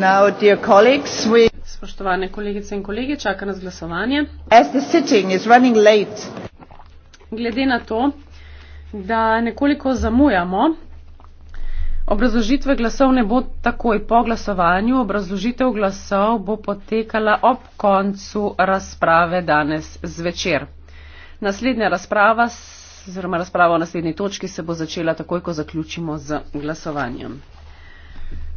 Now, dear colleagues, we Spoštovane kolegice in kolegi, čaka nas glasovanje. Glede na to, da nekoliko zamujamo, obrazložitve glasov ne bo takoj po glasovanju, obrazložitev glasov bo potekala ob koncu razprave danes zvečer. Naslednja razprava, oziroma razprava o naslednji točki, se bo začela takoj, ko zaključimo z glasovanjem.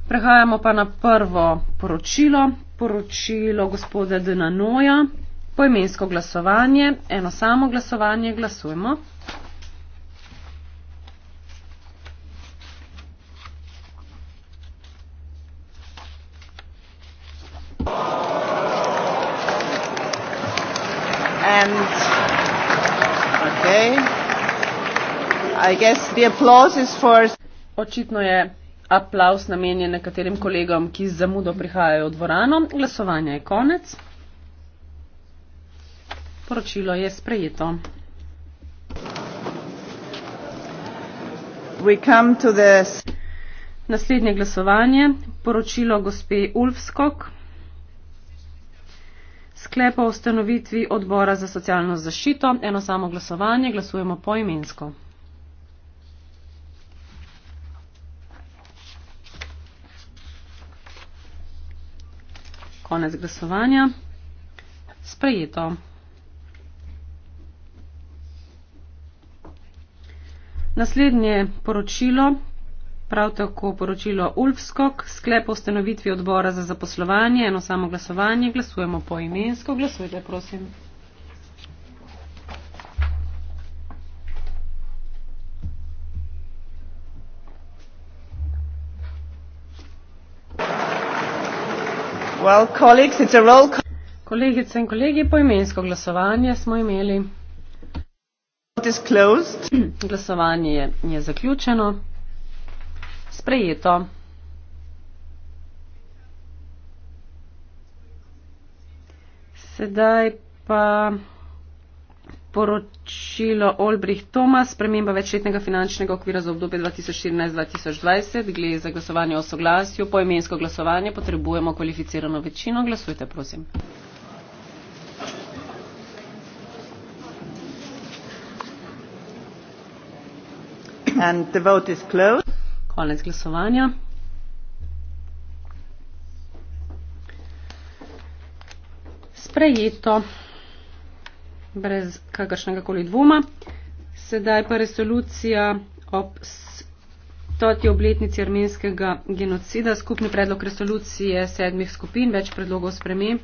Prehajamo pa na prvo poročilo, poročilo gospoda Denanoja, poimensko glasovanje, eno samo glasovanje, glasujmo. And okay. I guess the applause is for Očitno je aplaus namenjen nekaterim kolegom, ki z zamudo prihajajo v dvorano. Glasovanje je konec. Poročilo je sprejeto. Naslednje glasovanje, poročilo gospe Ulfskog, sklepa o ustanovitvi odbora za socialno zašito, eno samo glasovanje, glasujemo poimensko. Konec glasovanja. Sprejeto. Naslednje poročilo, prav tako poročilo Ulfskog, sklep o ustanovitvi odbora za zaposlovanje, eno samo glasovanje, glasujemo po imensko, glasujte prosim. Well, colleagues, it's a roll call. Kolegice in kolegi, poimensko glasovanje smo imeli. Glasovanje je, je zaključeno. Sprejeto. Sedaj pa poročilo Olbrih Toma, sprememba večletnega finančnega okvira za obdobje 2014-2020, glede za glasovanje o soglasju, poimensko glasovanje, potrebujemo kvalificirano večino. Glasujte, prosim. And the vote is closed. Konec glasovanja. Sprejeto brez kakršnega koli dvoma. Sedaj pa resolucija ob stoti obletnici armenskega genocida, skupni predlog resolucije sedmih skupin, več predlogov sprememb.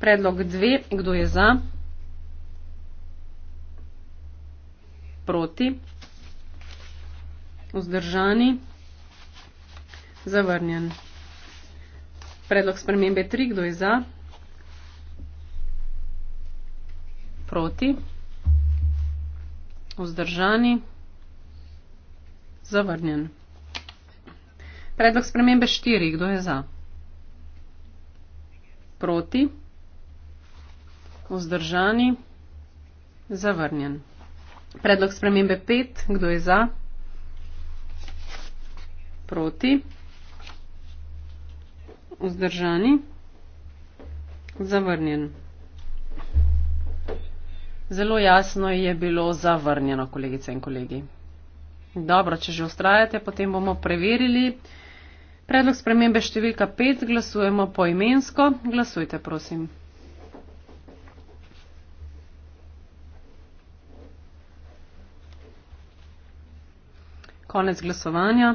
Predlog dve, kdo je za? Proti? Vzdržani? Zavrnjen. Predlog spremembe tri, kdo je za? proti, vzdržani, zavrnjen. Predlog spremembe štiri, kdo je za? Proti, vzdržani, zavrnjen. Predlog spremembe pet, kdo je za? Proti, vzdržani, zavrnjen. Zelo jasno je bilo zavrnjeno, kolegice in kolegi. Dobro, če že ustrajate, potem bomo preverili. Predlog spremembe številka 5 glasujemo poimensko. Glasujte, prosim. Konec glasovanja.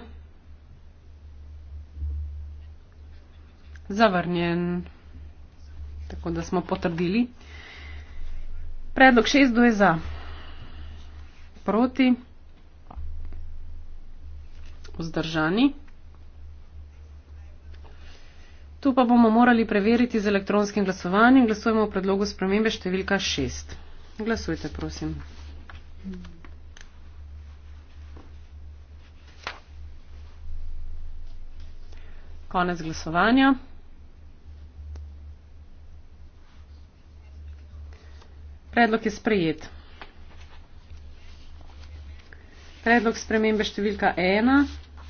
Zavrnjen. Tako da smo potrdili. Predlog 6, kdo je za? Proti? Vzdržani? Tu pa bomo morali preveriti z elektronskim glasovanjem. Glasujemo v predlogu spremembe številka 6. Glasujte, prosim. Konec glasovanja. Predlog je sprejet. Predlog spremembe številka 1.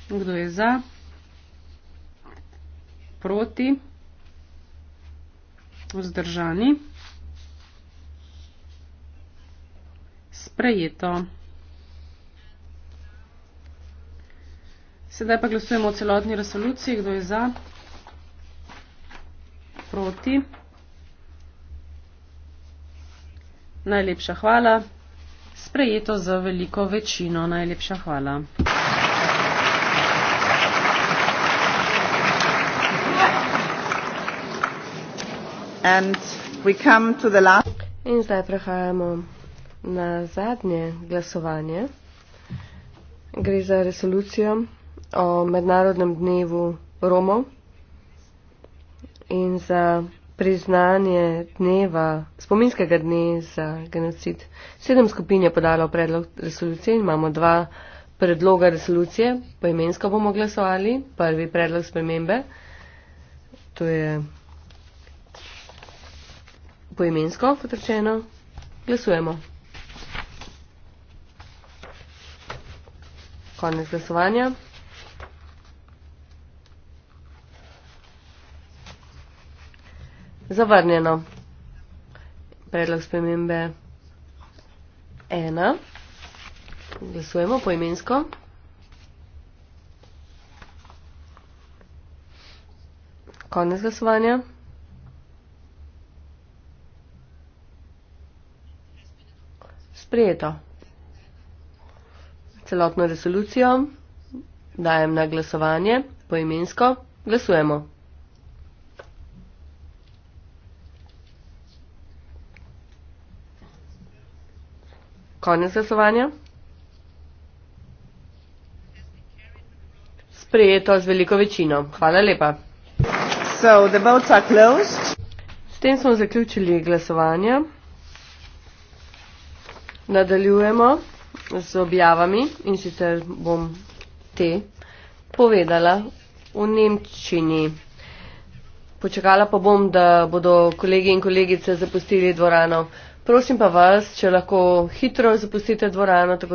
Kdo je za? Proti? Vzdržani? Sprejeto. Sedaj pa glasujemo o celotni resoluciji. Kdo je za? Proti? Vzdržani? Najlepša hvala. Sprejeto za veliko večino. Najlepša hvala. In zdaj prehajamo na zadnje glasovanje. Gre za resolucijo o mednarodnem dnevu Romov in za priznanje dneva, spominskega dne za genocid. Sedem skupin je podalo predlog resolucije in imamo dva predloga resolucije. Poimensko bomo glasovali. Prvi predlog spremembe, to je poimensko, kot rečeno, glasujemo. Konec glasovanja. Zavrnjeno. Predlog spremembe ena. Glasujemo poimensko. Konec glasovanja. Sprejeto. Celotno resolucijo dajem na glasovanje poimensko. Glasujemo. Konec glasovanja. Sprejeto z veliko večino. Hvala lepa. So, the votes are closed. S tem smo zaključili glasovanje. Nadaljujemo z objavami in sicer bom te povedala v Nemčini. Počakala pa bom, da bodo kolegi in kolegice zapustili dvorano. Prosim pa vas, če lahko hitro zapustite dvorano, tako da